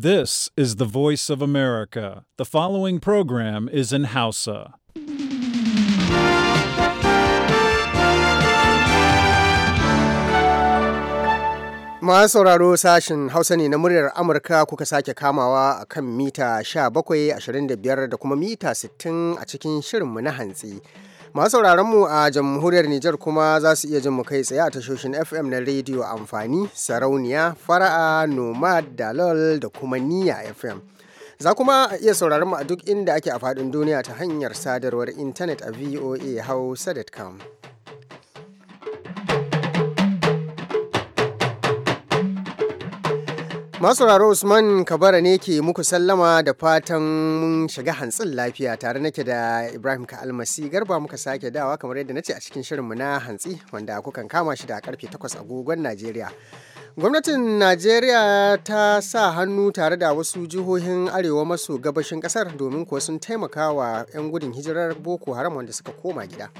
This is the voice of America. The following program is in Hausa. Masu sauraro sashen Hausa ne na muryar Amurka kuka sake kamawa a kan mita 17, 25 da kuma mita 60 a cikin shirinmu na hantsi. masu sauraron mu a jamhuriyar Nijar kuma za su iya jin mu kai tsaye a tashoshin FM na rediyo amfani sarauniya fara'a nomad dalol da kuma niya FM. Za kuma iya sauraron mu a duk inda ake a faɗin duniya ta hanyar sadarwar intanet a voa hausa.com. masu Masauraro Usman Kabara ne ke muku sallama da fatan mun shiga hantsin lafiya tare nake da Ibrahim ka almasi garba muka sake dawa kamar yadda nace ce a cikin shirinmu na hantsi wanda kukan kama shi da karfe 8 agogon Najeriya. Gwamnatin Najeriya ta sa hannu tare da wasu jihohin arewa maso gabashin kasar domin kuwa sun taimaka wa 'yan gudun hijirar Boko Haram wanda suka koma gida.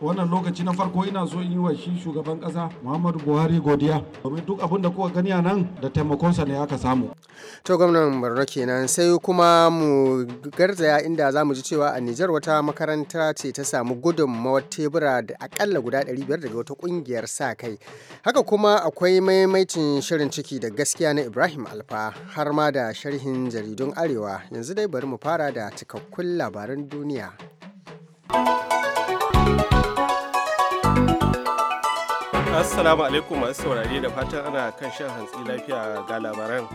wannan lokaci na farko ina so in yi wa shi shugaban kasa muhammadu buhari godiya domin duk abin da kuka gani a nan da taimakonsa ne aka samu to gwamnan borno kenan sai kuma mu garzaya inda za mu ji cewa a nijar wata makaranta ce ta samu gudunmawar tebura da akalla guda ɗari biyar daga wata kungiyar sa kai haka kuma akwai maimaicin shirin ciki da gaskiya na ibrahim alfa har ma da sharhin jaridun arewa yanzu dai bari mu fara da cikakkun labaran duniya thank you assalamu alaikum masu saurari da fatan ana kan shan hantsi lafiya ga labaran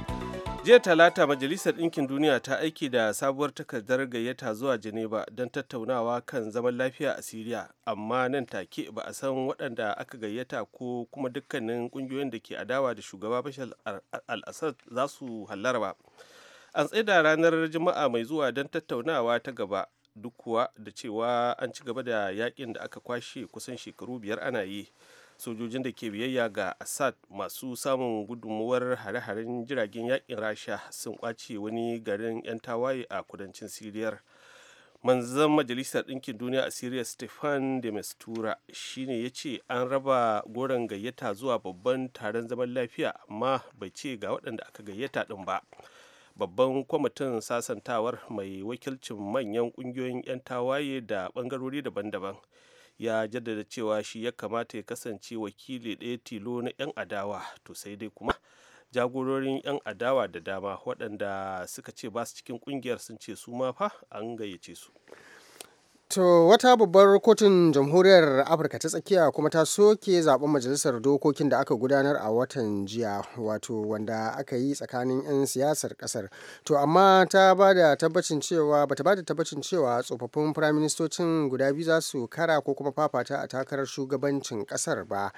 jiya talata majalisar ɗinkin duniya ta aiki da sabuwar takardar gayyata zuwa geneva don tattaunawa kan zaman lafiya a syria amma nan take ba a san waɗanda aka gayyata ko kuma dukkanin ƙungiyoyin da ke adawa da shugaba bashar al-assad za su hallara ba an tsaida ranar juma'a mai zuwa don tattaunawa ta gaba duk kuwa da cewa an ci gaba da yakin da aka kwashe kusan shekaru biyar ana yi sojojin da ke biyayya ga assad masu samun gudunmuwar hare-haren jiragen yakin rasha sun kwace wani garin 'yan tawaye a kudancin siriyar manzan majalisar ɗinkin duniya a siriya stefan de mistura shine ya ce an raba goron gayyata zuwa babban taron zaman lafiya amma bai ce ga waɗanda aka gayyata ɗin ba babban kwamitin sasantawar mai wakilcin manyan ƙungiyoyin 'yan tawaye da ɓangarori daban-daban ya jaddada cewa shi ya kamata ya kasance wakili ɗaya tilo na 'yan adawa to sai dai kuma jagororin 'yan adawa da dama waɗanda suka ce ba su cikin ƙungiyar sun ce su ma fa an gayyace su To wata babbar kotun jamhuriyar Afirka ta tsakiya kuma ta soke zaben majalisar dokokin da aka gudanar a watan jiya wato wanda aka yi tsakanin 'yan siyasar kasar. To amma ta da tabbacin cewa bata bada tabbacin cewa tsofaffin firaministocin guda biyu za su kara ko kuma fafata a takarar shugabancin kasar ba.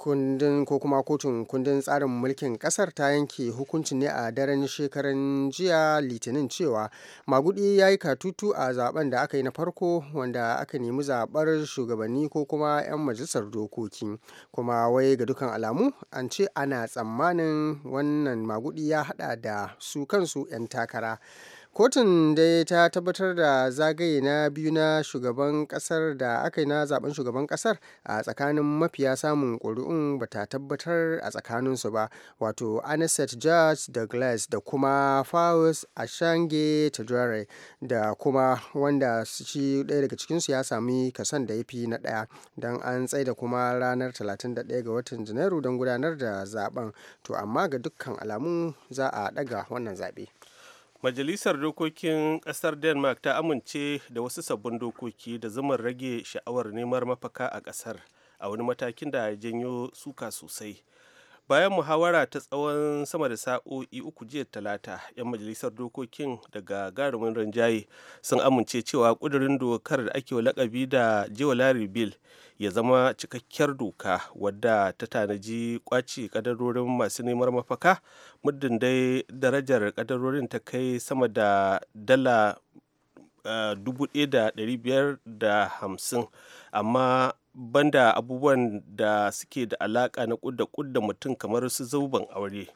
kundin ko kuma kotun kundin tsarin mulkin kasar ta yanke hukunci ne a daren shekaran jiya litinin cewa magudi ya yi katutu a zaben da aka yi na farko wanda aka nemi zaɓar shugabanni ko kuma 'yan majalisar dokoki kuma wai ga dukan alamu an ce ana tsammanin wannan magudi ya hada da su kansu 'yan takara kotun dai ta tabbatar da zagaye na biyu na shugaban kasar da aka yi na zaben shugaban kasar a tsakanin mafiya samun ƙuri'un ba ta tabbatar a tsakaninsu ba wato anisette george da glass da kuma faus ashange tajore da kuma wanda shi ɗaya daga cikinsu ya sami kasan da ya fi na ɗaya don an tsaida kuma ranar 31 ga watan janairu don gudanar da zaben to amma ga dukkan alamu za a ɗaga wannan zaɓe. majalisar dokokin ƙasar denmark ta amince da wasu sabbin dokoki da zumar rage sha'awar neman mafaka a ƙasar a wani matakin da ya janyo suka sosai bayan muhawara ta tsawon sama da sa'o'i uku jiya talata 'yan majalisar dokokin daga garumin ranjaye sun amince cewa kudurin dokar da ake lakabi da larry bill ya zama cikakkiyar doka wadda ta tanaji kwaci kadarorin masu neman mafaka muddin dai darajar kadarorin ta kai sama da dala 1550 eh, amma banda abubuwan da suke da alaka na kudda kudda mutum kamar su zuban aure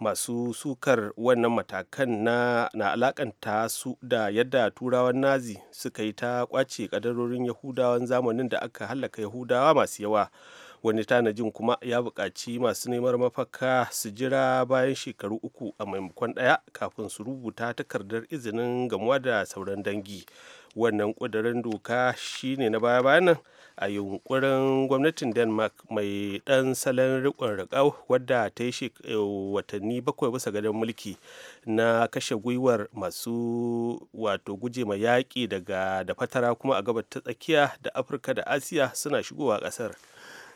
masu sukar wannan matakan na, na alakanta su da yadda turawan nazi suka yi ta kwace kadarorin yahudawan zamanin da aka hallaka yahudawa masu yawa wani tanajin kuma ya buƙaci masu neman mafaka su jira bayan shekaru uku a maimakon ɗaya kafin su rubuta takardar izinin gamuwa da sauran dangi wannan kudirin doka shine na baya bayanan a yunkurin gwamnatin denmark mai dan salon riƙon riƙau wadda ta yi eh, watanni bakwai bisa gadon mulki na kashe gwiwar masu wato guje ma yaƙi daga da fatara kuma a gabar ta tsakiya da afirka da asiya suna shigowa ƙasar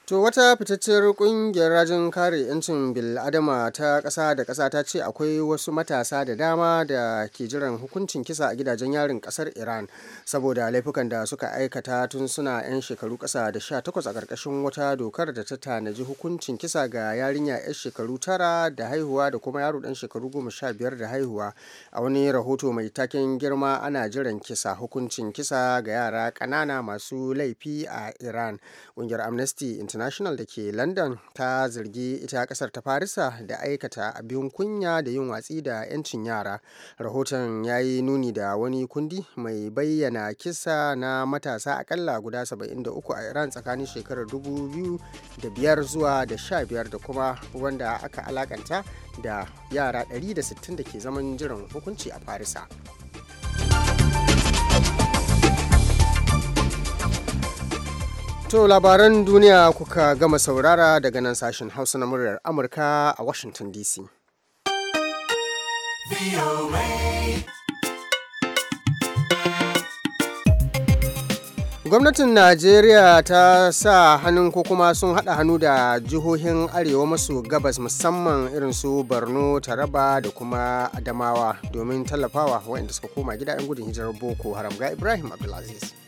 To wata fitacciyar kungiyar rajin kare 'yancin bil'adama ta ƙasa da ƙasa ta ce akwai wasu matasa da dama da ke jiran hukuncin kisa a gidajen yarin ƙasar Iran saboda laifukan da suka aikata tun suna 'yan shekaru ƙasa da 18 a ƙarƙashin wata dokar da ta tanaji hukuncin kisa ga yarinya 'yan shekaru tara da haihuwa da kuma yaro ɗan shekaru 15 da haihuwa a wani rahoto mai taken girma ana jiran kisa hukuncin kisa ga yara ƙanana masu laifi a Iran. Ƙungiyar Amnesty international da ke london ta zargi ita kasar ta farisa da aikata abin kunya da yin watsi da 'yancin yara rahoton ya yi nuni da wani kundi mai bayyana kisa na matasa akalla guda 73 a iran tsakanin shekarar 2005 zuwa da 15 da kuma wanda aka alakanta da yara 160 da ke zaman jiran hukunci a farisa To labaran duniya kuka gama saurara daga nan sashen Hausa na muryar Amurka a Washington DC. Gwamnatin Najeriya ta sa hannun ko kuma sun haɗa hannu da jihohin Arewa maso gabas musamman irin su Borno, Taraba da kuma Adamawa domin tallafawa waɗanda suka koma gida 'yan gudun hijirar Boko Haram ga Ibrahim Abdulaziz.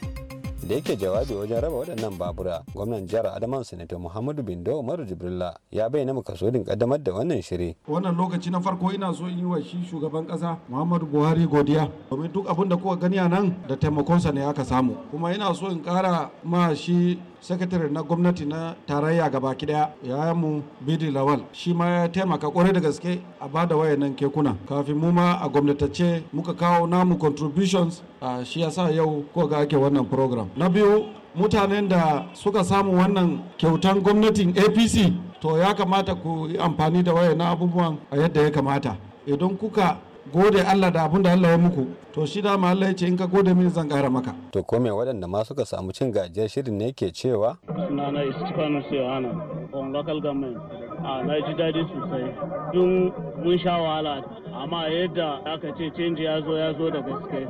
da yake jawabi wajen raba waɗannan babura gwamnan jihar adama sanata muhammadu bindo umaru jibrilla ya bayyana makasudin kaddamar da wannan shiri wannan lokaci na farko ina so in yi wa shi shugaban kasa muhammadu buhari godiya domin duk abin da kuka gani a nan da taimakonsa ne aka samu kuma ina so in kara ma shi sakatare na gwamnati na tarayya gaba daya ya mu bidi lawal shi ma ya taimaka kwarai da gaske a bada wayannan kekuna kafin mu ma a gwamnatace muka kawo namu contributions a shi yasa yau ko ga ake wannan program na biyu mutanen da suka samu wannan kyautan gwamnatin apc to ya kamata ku yi amfani da wayannan abubuwan a yadda ya kamata idan kuka gode Allah da abun da Allah ya muku to shi da ma Allah ya ce in ka gode min zan kara maka to ko me waɗanda ma suka samu cin gajiyar shirin ne ke cewa sunana Istikanu Sehana on local government a na ji daɗi sosai dun mun sha wahala amma yadda aka ce canji ya zo ya zo da gaske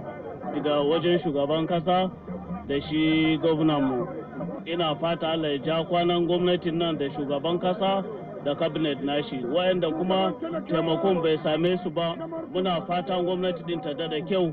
daga wajen shugaban kasa da shi gwamnan mu ina fata Allah ya ja kwanan gwamnatin nan da shugaban kasa da cabinet nashi wayanda kuma taimakon bai same su ba muna fatan gwamnati din ta da kyau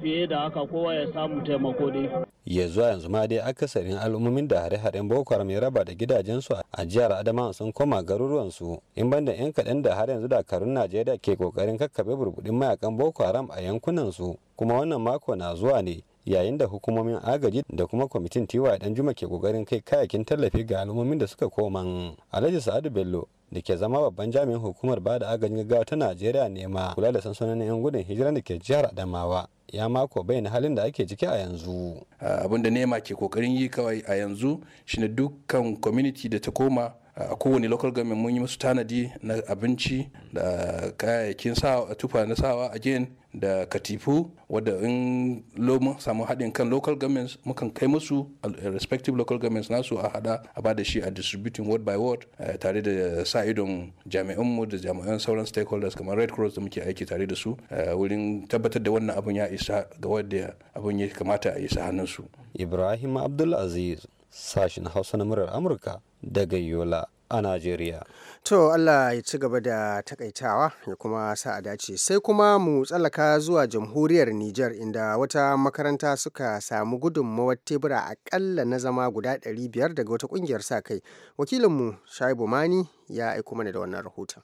fiye da haka kowa ya samu taimako dai ya zuwa yanzu ma dai akasarin al'ummomin da hare-haren boko haram ya raba da gidajensu a jihar adamawa sun koma garuruwansu in banda yan kaɗan da har yanzu dakarun najeriya ke kokarin kakkabe burbuɗin mayakan boko haram a yankunansu kuma wannan mako na zuwa ne yayin da hukumomin agaji da kuma kwamitin tiwa dan juma ke kokarin kai kayakin tallafi ga al'ummomin da suka koman alhaji sa'adu bello da ke zama babban jami'in hukumar ba da agajin gaggawa ta najeriya ne ma kula da sansanonin yan gudun hijira da ke jihar adamawa ya mako bayyana halin da ake ciki a yanzu abinda nema ke kokarin yi kawai a yanzu shine dukkan community da ta koma a kowane local government mun yi musu tanadi na abinci da kayayyakin tufa na sawa a again da katifu wadda in mun samu haɗin kan local governments mukan kai musu uh, respective local governments nasu a hada a ba da shi a distributing word by word uh, tare da sa idon jami'anmu da jami'an sauran stakeholders kamar red cross da muke aiki tare da su uh, wurin tabbatar da wannan abun ya isa ga wadda abun ya kamata a isa hannun su ibrahim abdulaziz sashin hausa na murar amurka daga yola a najeriya to allah ya ci gaba da takaitawa ya kuma sa a dace sai kuma mu tsallaka zuwa jamhuriyar niger inda wata makaranta suka samu gudunmawar tebura akalla na zama guda 500 daga wata kungiyar sa kai wakilinmu shaibu mani ya aiko mana da wannan rahoton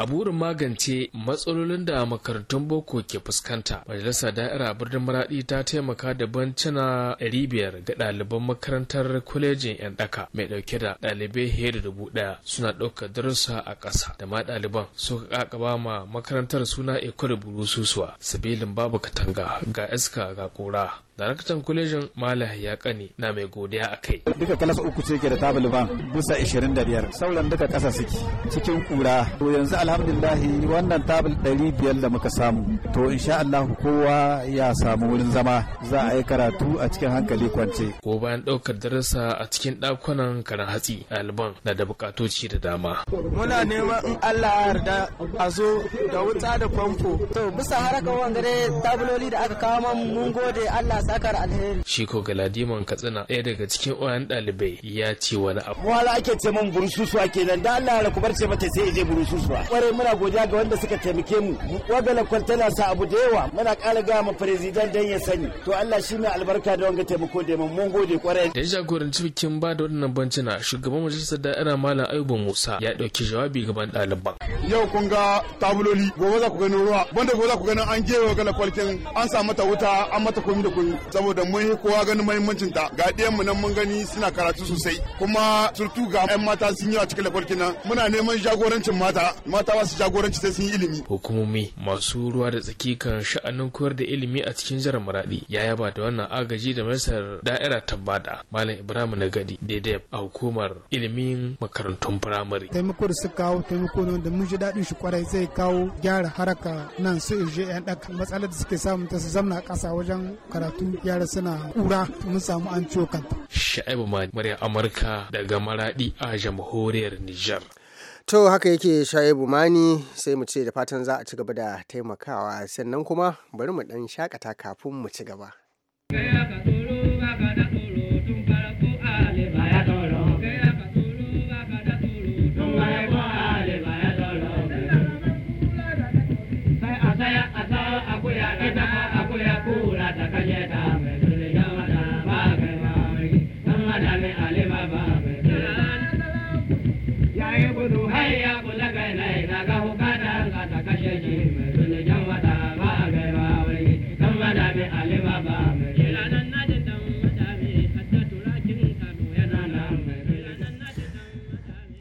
a burin magance matsalolin da makarantun boko ke fuskanta majalisa da'ira birnin maradi ta taimaka da bancina biyar ga ɗaliban makarantar kwalejin yan daka mai ɗauke da ɗalibai fiye dubu ɗaya suna ɗaukar darussa a ƙasa da ma ɗaliban suka ƙaƙaba ma makarantar suna ikon burususuwa sabilin babu katanga ga iska ga kura daraktan kwalejin malam ya kane na mai godiya a kai duka kalas uku ce ke da tabaliban busa biyar? sauran duka kasa suke cikin kura to yanzu alhamdullahi. wannan tabul biyar da muka samu to insha Allah kowa ya samu wurin zama za a yi karatu a cikin hankali kwance ko bayan ɗaukar darasa a cikin dakunan karan hatsi ɗaliban na da bukatoci da dama muna neman in Allah ya yarda a zo da wuta da famfo to bisa harakan dai tabuloli da aka kawo mun gode Allah sakar alheri shi ko galadiman katsina ɗaya daga cikin oyan ɗalibai ya ce wani abu wala ake ce man burususuwa kenan da Allah ya ce mata sai je burususuwa kwarai muna godiya ga wanda suka taimake mu wagala kwantana sa abu da yawa muna ƙara gaya mu president dan ya sani to Allah shi mai albarka da wanga taimako da mun gode kwarai da jagoranci bikin ba da wannan bancina shugaban majalisar da'ira malam Ayuba Musa ya ɗauki jawabi gaban ɗaliban yau kun ga tabuloli gobe za ku gani ruwa banda gobe za ku gani an gewa gala kwalkin an sa mata wuta an mata komi da komi saboda mun yi kowa ganin mahimmancin ta ga mu nan mun gani suna karatu sosai kuma surtu ga 'yan mata sun yi a cikin lafarkin nan muna neman jagorancin mata mata ba su jagoranci sai sun yi ilimi hukumomi masu ruwa da tsaki kan sha'anin koyar da ilimi a cikin jihar maradi ya yaba da wannan agaji da masar da'ira tabbada malam ibrahim na gadi. daidai a hukumar ilimin makarantun firamare taimako da suka kawo taimako ne wanda mun ji daɗin shi kwarai zai kawo gyara haraka nan su irje 'yan ɗaka matsalar da suke samun ta su zamna ƙasa wajen karatu yara suna kura mun samu an ciwo kanta. Sha'ibu Mariya Amurka daga maraɗi a jamhuriyar Nijar. To haka yake Sha'ibu Mani sai mu ce da fatan za a ci gaba da taimakawa sannan kuma bari mu ɗan shakata kafin mu ci gaba.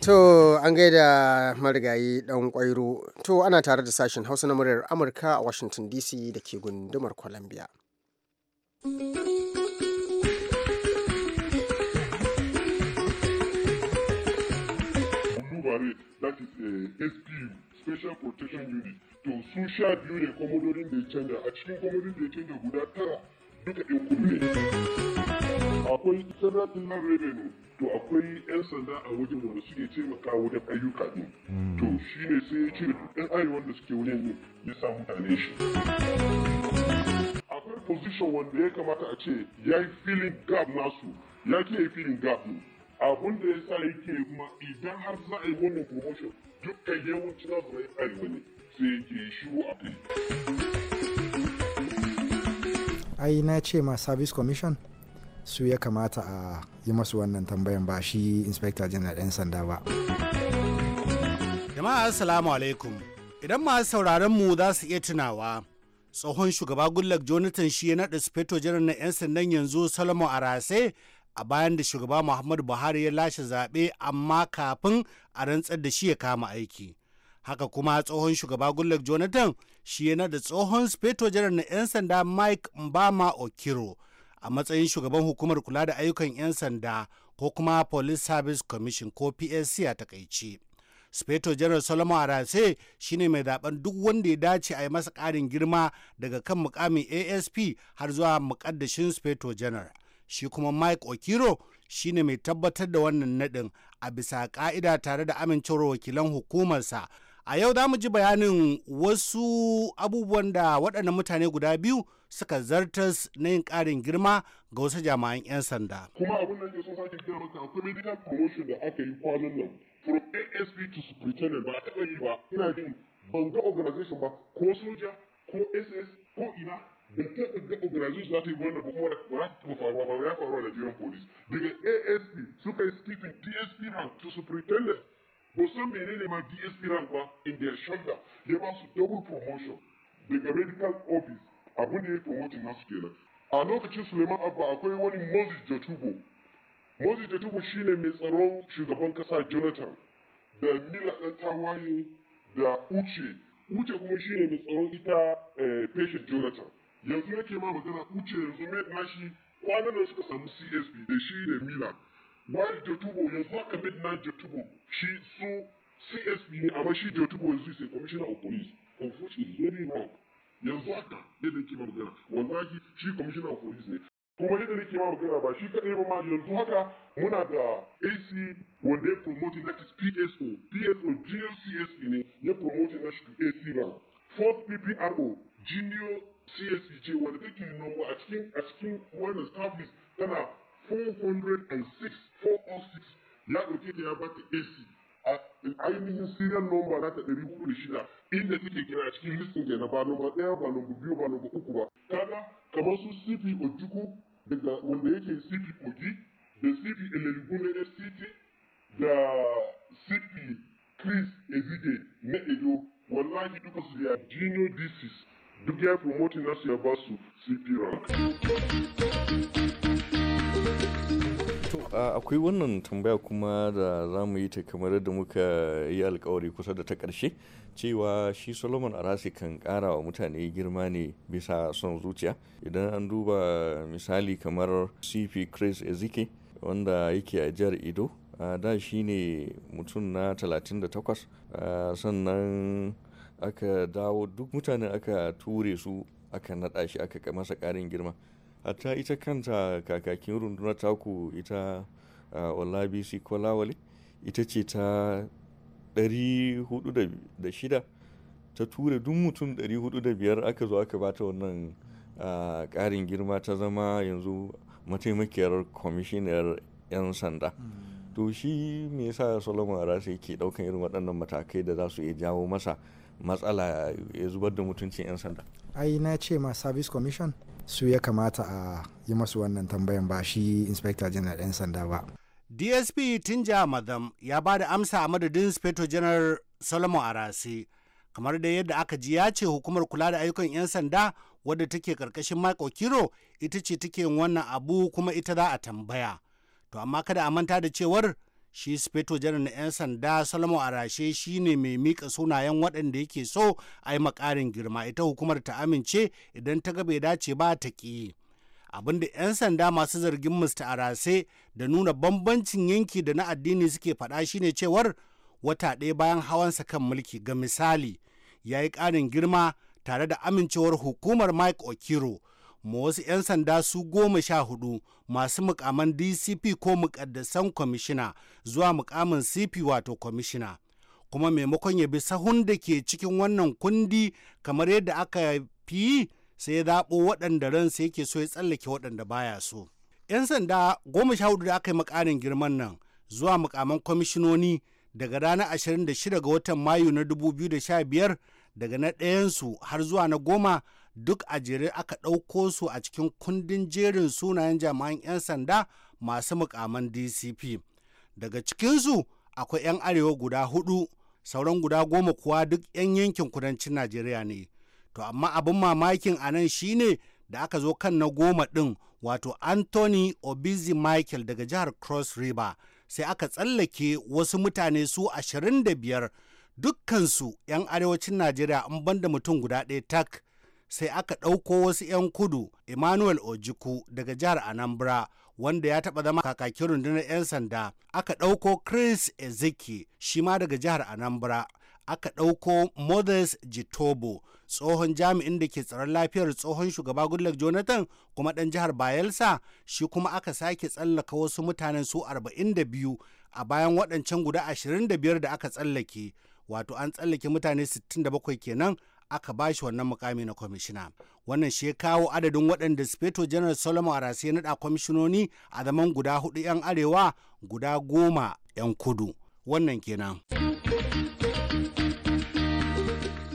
To an gaida marigayi dan kwairo. To ana tare da sashen Hausa na muryar Amurka a Washington DC da ke gundumar Columbia. that is a eh, SPU, Special Protection Unit, to sun sha biyu in the da ya canja a cikin komododin da ya canja guda tara akwai sarrafin nan revenue to akwai 'yan sanda a wajen wanda suke taimaka wajen ayyuka ne to shi ne sai ya cire duk arewa da suke wajen ne ya sa mutane shi akwai position wanda ya kamata a ce ya yi filin gap nasu ya ke yi filin gap ne abun da ya sa yake kuma idan har za a yi wannan promotion dukkan yawancin nasu na arewa ne sai yake shiru a kai ai na ce ma service commission su ya kamata a yi masu wannan tambayan ba shi inspector general 'yan sanda ba jama'a assalamu alaikum idan masu sauraron mu za su iya tunawa tsohon shugaba gullak jonathan shi ya naɗa speto general na 'yan sandan yanzu salomo arase a bayan da shugaba muhammadu buhari ya lashe zaɓe amma kafin a rantsar da shi ya kama aiki haka kuma tsohon shugaba goodluck jonathan shi yana da tsohon speto janar na 'yan sanda mike mbama okiro a matsayin shugaban hukumar kula da ayyukan 'yan sanda ko kuma police service commission ko psc a takaice speto janar solomon arase ne mai zaben duk wanda ya dace a yi masa ƙarin girma daga kan mukamin asp har zuwa mukaddashin speto janar shi kuma mike okiro shi ne mai tabbatar da wannan nadin a bisa ƙa'ida tare da amincewar wakilan hukumarsa A yau za mu ji bayanin wasu abubuwan da waɗannan mutane guda biyu suka zartas na yin ƙarin girma ga wasu jama'an 'yan sanda. Kuma abin da sun sake kira maka akwai medical promotion da aka yi kwanan nan from ASP to superintendent ba a taɓa yi ba ina jin ban ga organization ba ko soja ko SS ko ina da taɓa ga organization za ta yi wannan ba kuma ba ta faruwa ba ya faruwa da jiran police daga ASP suka yi skipping DSP man to superintendent ba san menene ma dsp rank ba in their shoulder ya ba su double promotion daga medical office abu ne ya promoting nasu kenan a lokacin suleiman abba akwai wani moses jatubo moses jatubo shine mai tsaron shugaban kasa jonathan da mila ɗan tawaye da uche uche kuma shine mai tsaron ita eh, patient jonathan yanzu yake ma magana uche yanzu mai nashi kwanan da suka samu csp da shi da mila bayan jatubo yanzu haka midnight jatubo shi su csp ne amma shi jatubo yanzu sai commissioner of police of which is very wrong yanzu haka yadda nake magana wallahi shi commissioner of police ne kuma yadda nake ma magana ba shi kaɗai ba ma yanzu haka muna da AC wanda ya promoting that is PSO PSO csp ne ya promoting na shi AC ba fourth PPRO junior CSP ce wanda take number a cikin a cikin wannan staff list tana 406 406 ya ɗauke ta ya ba ta AC a ainihin serial number na ta ɗari hudu shida inda take kira a cikin listin ke na ba number ɗaya ba number biyu ba number uku ba kaga kamar su CP Ojukwu daga wanda yake CP oji da CP Eleligun na FCT da CP Chris Ezide na Edo wallahi duka su ya junior disease duk ya promoting nasu ya ba su CP rank. akwai wannan tambaya kuma da za mu yi ta kamar da muka yi alkawari kusa da ta ƙarshe cewa shi solomon arasi kan ƙara wa mutane girma ne bisa son zuciya idan an duba misali kamar cp chris ezike wanda yake a jihar ido a da shi ne mutum na 38 sannan aka dawo duk mutane aka ture su aka naɗa shi aka masa ƙarin girma hatta ita kanta kakakin rundunar taku ita olabisi kolawale ita ce ta 406 ta tura duk mutum 405 aka zo aka bata wannan ƙarin girma ta zama yanzu mataimakiyar kwamishinar 'yan sanda hmm. to shi me yasa solomon arasa yake daukan irin waɗannan matakai da za su iya jawo masa matsala ya zubar da mutuncin 'yan sanda ai na ce ma service commission su ya kamata a yi masu wannan tambayan ba shi inspector general 'yan sanda ba dsp tinja madam ya ba da amsa a madadin inspector general solomon arasi kamar da yadda aka ji ya ce hukumar kula da ayyukan 'yan sanda wadda take karkashin michael kiro ita ce take wannan abu kuma ita za a tambaya to amma kada a manta da cewar shi speto janar na 'yan sanda salmo arashe shi ne mai mika sunayen waɗanda yake so a yi makarin girma ita hukumar ta amince idan ta ga bai dace ba ta ƙi abinda 'yan sanda masu zargin mr arase da nuna bambancin yanki da na addini suke faɗa shine cewar wata ɗaya bayan hawansa kan mulki ga misali ya yi ƙarin girma tare da amincewar hukumar mike okiro ma wasu 'yan sanda su goma sha hudu masu mukaman dcp ko mukaddasan kwamishina zuwa mukamin cp wato kwamishina kuma maimakon ya bi sahun da ke cikin wannan kundi kamar yadda aka fi sai ya zaɓo waɗanda ransa yake so ya tsallake waɗanda baya so 'yan sanda goma sha hudu da aka yi makarin girman nan zuwa mukaman kwamishinoni daga ranar 26 ga watan mayu na 2015 daga na ɗayansu har zuwa na goma duk a jere aka ɗauko su a cikin kundin jerin sunayen jami'an 'yan sanda masu mukaman dcp daga cikinsu akwai 'yan arewa guda hudu sauran guda goma kuwa duk 'yan yankin kudancin najeriya ne to amma abin mamakin a nan shine da aka zo kan na goma ɗin wato anthony obizi michael daga jihar cross river sai aka tsallake wasu mutane su 25 dukkansu 'yan arewacin najeriya an banda mutum guda ɗaya tak sai aka ɗauko wasu 'yan kudu emmanuel ojiku daga jihar anambra wanda ya taɓa zama kakakin rundunar 'yan sanda aka ɗauko chris ezeki shi ma daga jihar anambra aka ɗauko Moses Jitobo tsohon jami'in da ke tsaron lafiyar tsohon shugaba Goodluck Jonathan kuma ɗan jihar Bayelsa shi kuma aka sake tsallaka wasu mutanen su 42 a bayan waɗancan guda 25 da aka tsallake wato an tsallake mutane 67 kenan aka ba shi wannan mukami na kwamishina wannan shi ya kawo adadin waɗanda speto general solomon arase ya naɗa kwamishinoni a zaman guda hudu 'yan arewa guda goma 'yan kudu wannan kenan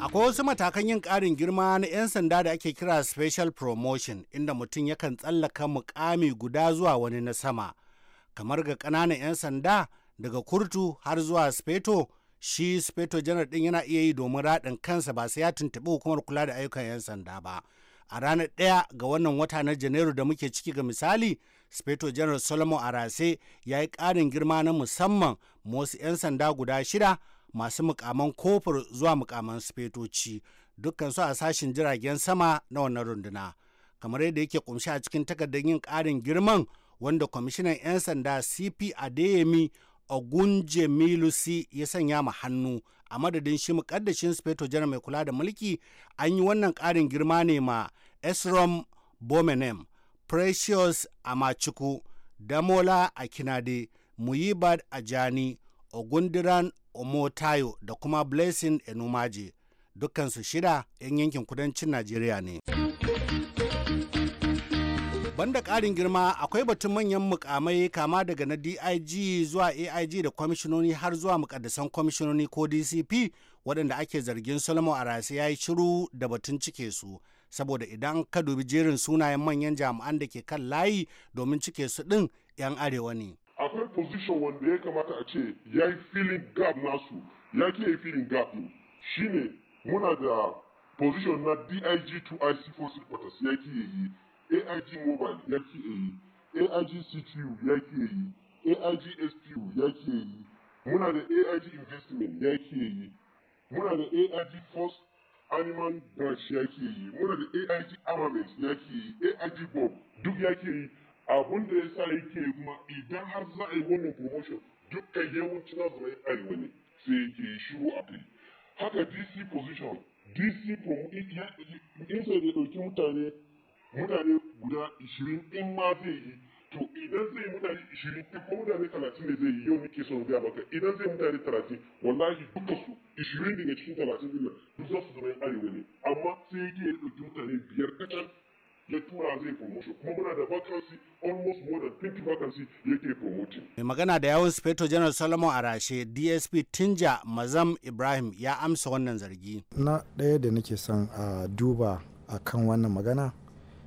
akwai wasu matakan yin ƙarin girma na 'yan sanda da ake kira special promotion inda mutum yakan tsallaka mukami guda zuwa wani na sama kamar ga ƙananan 'yan sanda daga kurtu har zuwa speto shi speto janar din yana iya yi domin raɗin kansa ba sai ya tuntuɓi hukumar kula da ayyukan 'yan sanda ba a ranar ɗaya ga wannan wata na janairu da muke ciki ga misali speto janar solomon arase ya yi ƙarin girma na musamman wasu 'yan sanda guda shida masu mukaman kofar zuwa mukaman spetoci dukkansu a sashen jiragen sama na wannan runduna kamar yadda yake kumshi a cikin takardar yin ƙarin girman wanda kwamishinan 'yan sanda cp adeyemi ogunje milusi ya sanya ma hannu a madadin shi mukaddashin speto jana mai kula da mulki an yi wannan karin girma ne ma esrom bomenem precious amachuku damola akinade muyibad ajani ogundiran omotayo da kuma blessing enumaje dukkansu shida 'yan yankin kudancin najeriya ne banda karin girma akwai batun manyan mukamai kama daga na dig zuwa aig da kwamishinoni har zuwa mukaddasan kwamishinoni ko dcp waɗanda ake zargin salomo arasi ya yi shiru da batun cike su saboda idan ka dubi jerin sunayen manyan jami'an da ke kan layi domin cike su ɗin 'yan arewa ne akwai position wanda ya kamata a ce ya yi filin gap nasu ya ke yi filin gap shi shine muna da position na dig to ic forces ya ke yi AIG Mobile ya ke yi, AIG CTU ya ke yi, AIG STU ya ke yi, muna da AIG Investment ya ke yi, muna da AIG First Animal Branch ya ke yi, muna da AIG Armament ya ke yi, AIG Bob duk ya ke yi. Abun da ya sa ke kuma idan har za a yi wannan promotion dukkan yawancin zama su yi wani ne sai ke shiru a kai. Haka DC position, DC promotion, in sai da ɗauki mutane mutane guda ishirin in ma zai yi to idan zai mutane ishirin in ko mutane talatin ne zai yi yau nake son gaya maka idan zai mutane talatin wallahi duka su ishirin daga cikin talatin din nan duk za su zama yan arewa ne amma sai yake ya ɗauki mutane biyar kacal ya tura zai promotion kuma muna da vacancy almost more than 20 vacancy yake promoting. mai magana da yawon spato general solomon arashe dsp tinja mazam ibrahim ya amsa wannan zargi na ɗaya da nake son a ah, duba a kan wannan magana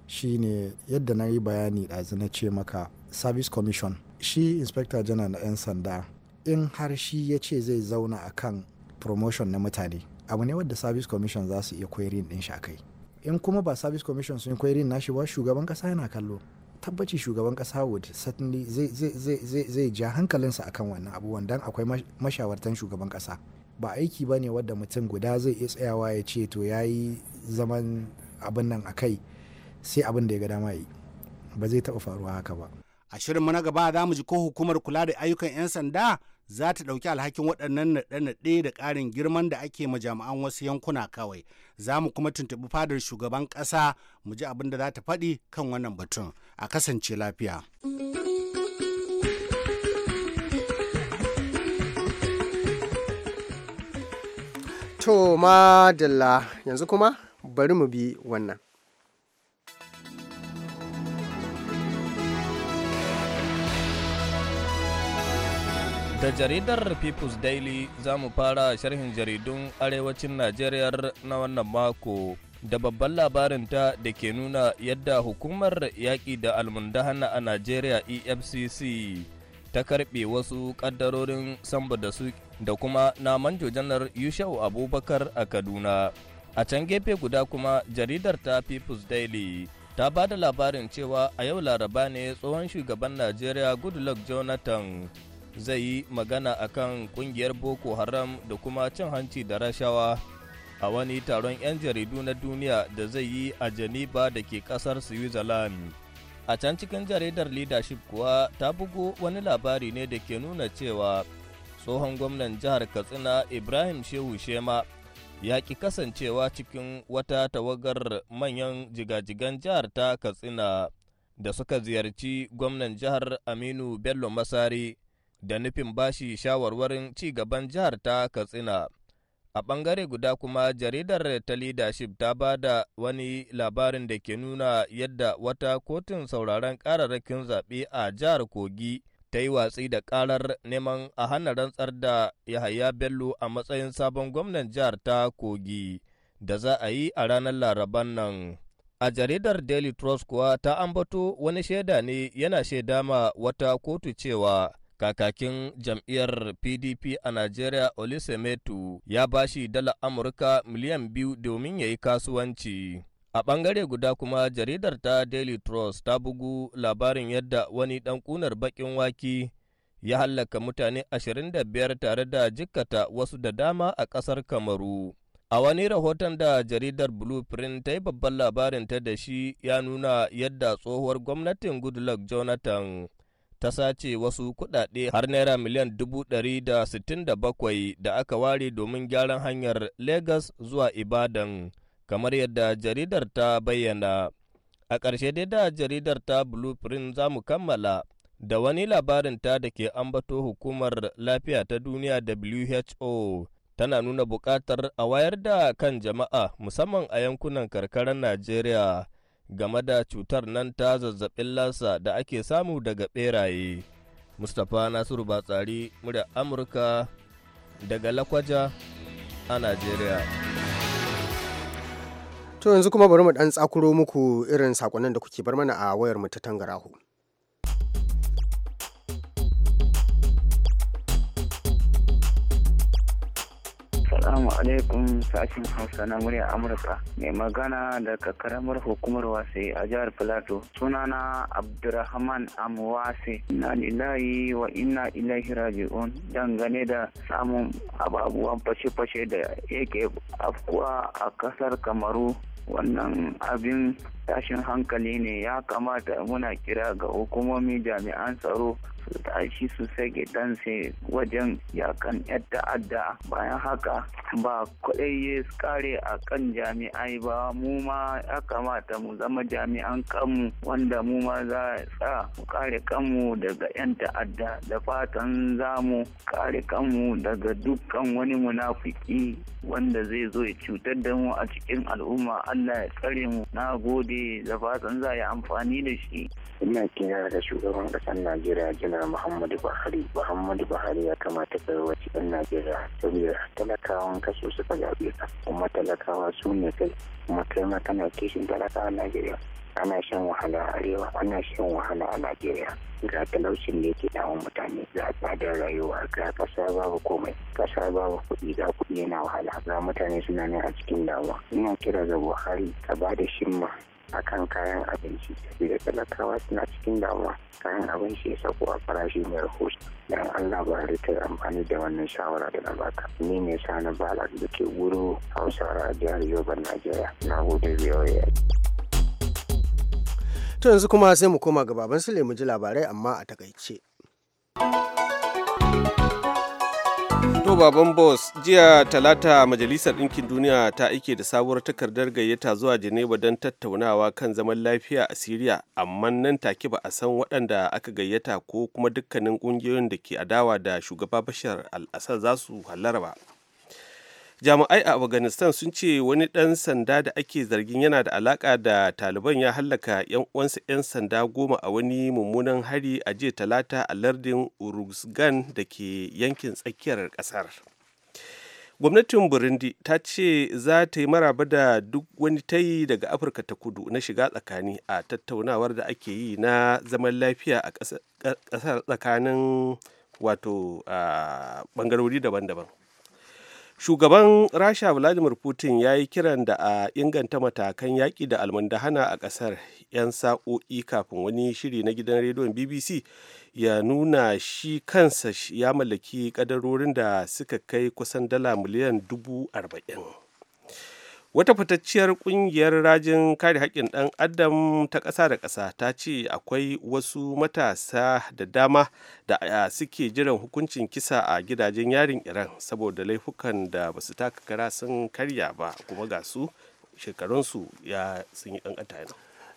shine yadda na yi bayani ɗazu na ce maka service commission shi inspector general na 'yan sanda in har shi ya ce zai zauna a kan promotion na mutane abu ne wadda service commission za su iya kwerin ɗin kai in kuma ba service commission sun kwerin nashi ba shugaban ƙasa yana kallo tabbaci shugaban kasa wood certainly zai ja hankalinsa a kan wannan abubuwan don akwai mashawartan shugaban kasa ba aiki ba ne wadda mutum guda zai iya tsayawa ya ce to ya yi zaman abin nan a kai sai abin da ya ga dama yi ba zai taɓa faruwa haka ba a shirin na gaba za mu ji ko hukumar kula da ayyukan 'yan sanda za ta ɗauki alhakin waɗannan naɗe-naɗe da ƙarin girman da ake ma jami'an wasu yankuna kawai za mu kuma tuntuɓi fadar shugaban ƙasa mu ji abin da za ta faɗi kan wannan batun a kasance lafiya. To madalla yanzu kuma bari mu bi wannan. Da jaridar People's Daily za mu fara sharhin jaridun arewacin Najeriya na wannan mako da babban labarinta da ke nuna yadda hukumar yaƙi da almundahana a Najeriya EFCC ta karɓe wasu ƙaddarorin samba da su da kuma naman jojanar Yushau Abubakar a Kaduna. A can gefe guda kuma jaridar ta People's Daily ta ba da labarin cewa a yau laraba ne tsohon shugaban Najeriya Goodluck Jonathan zai yi magana a kan kungiyar boko haram da kuma cin hanci da rashawa a wani taron 'yan jaridu na duniya da zai yi a geneva da ke kasar switzerland a can cikin jaridar leadership kuwa ta bugu wani labari ne da ke nuna cewa tsohon gwamnan jihar katsina ibrahim shehu shema ya ki kasancewa cikin wata tawagar manyan jigajigan jihar ta katsina da suka ziyarci gwamnan jihar aminu bello masari da nufin bashi shawarwarin ci gaban jihar ta Katsina. A ɓangare guda kuma jaridar ta leadership ta ba da wani labarin da ke nuna yadda wata kotun sauraron kararrakin zaɓe a jihar Kogi ta yi watsi da ƙarar neman a hana rantsar da Yahaya Bello a matsayin sabon gwamnan jihar ta Kogi da za a yi a ranar Laraban nan. A jaridar Daily Trust kuwa ta ambato wani shaida ne yana shaida ma wata kotu cewa kakakin jam'iyyar PDP a Najeriya Olusemetu ya bashi dala Amurka miliyan biyu domin ya yi kasuwanci. A bangare guda kuma jaridar ta Daily Trust ta bugu labarin yadda wani dan kunar bakin waki ya hallaka mutane 25 tare da jikkata wasu da dama a kasar Kamaru. A wani rahoton da jaridar Blueprint ta yi babban labarin ta da shi ya nuna yadda tsohuwar gwamnatin Goodluck Jonathan ta sace wasu kuɗaɗe har naira miliyan dubu ɗari da sittin da bakwai da aka ware domin gyaran hanyar Lagos zuwa Ibadan, kamar yadda jaridar ta bayyana. A ƙarshe dai da jaridar ta Blueprint za mu kammala da wani labarin ta da ke ambato hukumar lafiya ta duniya WHO. tana nuna buƙatar a wayar da kan jama'a musamman a yankunan karkarar Najeriya game da cutar nan ta zazzabin lasa da ake samu daga beraye. Mustapha Nasiru Batsari, murya Amurka daga Lakwaja a Najeriya. To yanzu kuma bari mu ɗan tsakuro muku irin sakonnin da kuke bar mana a wayar mu ta tangarahu. Assalamu alaikum sashen Hausa na murya Amurka. Mai magana daga karamar hukumar Wase a jihar Filato. Sunana Abdurrahman Amwase. Na lillahi wa inna ilaihi raji'un. Dangane da samun ababuwan fashe-fashe da yake afkuwa a kasar Kamaru. Wannan abin tashin hankali ne ya kamata muna kira ga hukumomi jami'an tsaro su tashi su sake sai wajen yakan yan ta'adda bayan haka ba kudai ya kare a kan jami'ai ba mu ma ya kamata mu zama jami'an kanmu wanda mu ma za sa mu kare kanmu daga yan ta'adda da fatan za mu kare kanmu daga dukkan wani munafiki wanda zai zo ya cutar da mu a cikin al'umma Allah ya tsare mu na gode zai zafatan za a yi amfani da shi. Ina kira da shugaban ƙasar Najeriya Janar Muhammadu Buhari. Muhammadu Buhari ya kamata kai wacce ɗan Najeriya saboda talakawan kaso suka zaɓe ka kuma talakawa su ne kai kuma kai ma kana kishin talakawa Najeriya. ana shan wahala a arewa ana shan wahala a najeriya ga talaucin da yake damun mutane ga tsadar rayuwa ga kasa babu komai kasa babu kuɗi ga kuɗi yana wahala ga mutane suna ne a cikin damuwa ina kira ga buhari ka ba da shimma a kan kayan abinci da talakawa suna cikin damuwa kayan abinci ya sako a farashi mai rahoto dan allah ba da amfani da wannan shawara da na baka ni ne sani balak da ke guru hausa a jihar yoban najeriya na gode biyoyi to yanzu kuma sai mu koma ga baban sule mu ji labarai amma a takaice. baban Bos, jiya talata Majalisar Ɗinkin Duniya ta aike da sabuwar takardar gayyata zuwa Geneva don tattaunawa kan zaman lafiya a Siriya, amma nan take ba a san waɗanda aka gayyata ko kuma dukkanin ƙungiyoyin da ke adawa da shugaba Bashar al-Assad za su hallara ba. jami'ai a afghanistan sun ce wani ɗan sanda da ake zargin yana da alaka da taliban ya hallaka 'yan uwansa 'yan sanda goma a wani mummunan hari a jiya talata a lardin uruzgan da ke yankin tsakiyar ƙasar gwamnatin burundi ta ce za ta yi maraba da duk wani tayi daga afirka ta kudu na shiga tsakani a tattaunawar da ake yi na zaman lafiya a ƙasar tsakanin wato ɓangarori daban-daban shugaban rasha vladimir putin ya yi kiran da a inganta matakan yaƙi da almandahana a ƙasar 'yan sa'o'i kafin wani shiri na gidan rediyon bbc ya nuna shi kansa ya mallaki ƙadarorin da suka kai kusan dala miliyan dubu arba'in. wata fitacciyar kungiyar rajin kare haƙƙin ɗan adam ta ƙasa da ƙasa ta ce akwai wasu matasa da dama da suke jiran hukuncin kisa a gidajen yarin iran saboda laifukan da ba su taka kara sun karya ba kuma ga su shekarunsu ya sun yi ƙanƙanta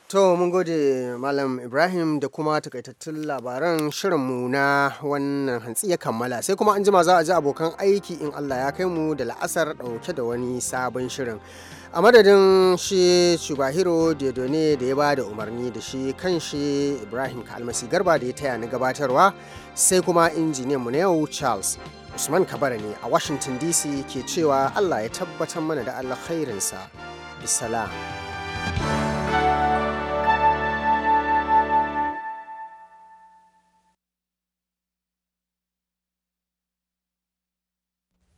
To mun gode Malam Ibrahim da kuma takaitattun labaran shirin mu na wannan hantsi ya kammala sai kuma an jima za a ji abokan aiki in Allah ya kai mu da la'asar ɗauke da wani sabon shirin. A madadin shi Shubahiro Dedone da ya ba da umarni da shi kan shi Ibrahim Kalmasi Garba da ya taya na gabatarwa sai kuma injiniyan mu na yau Charles Usman Kabara ne a Washington DC ke cewa Allah ya tabbatar mana da alkhairinsa. Bisalam.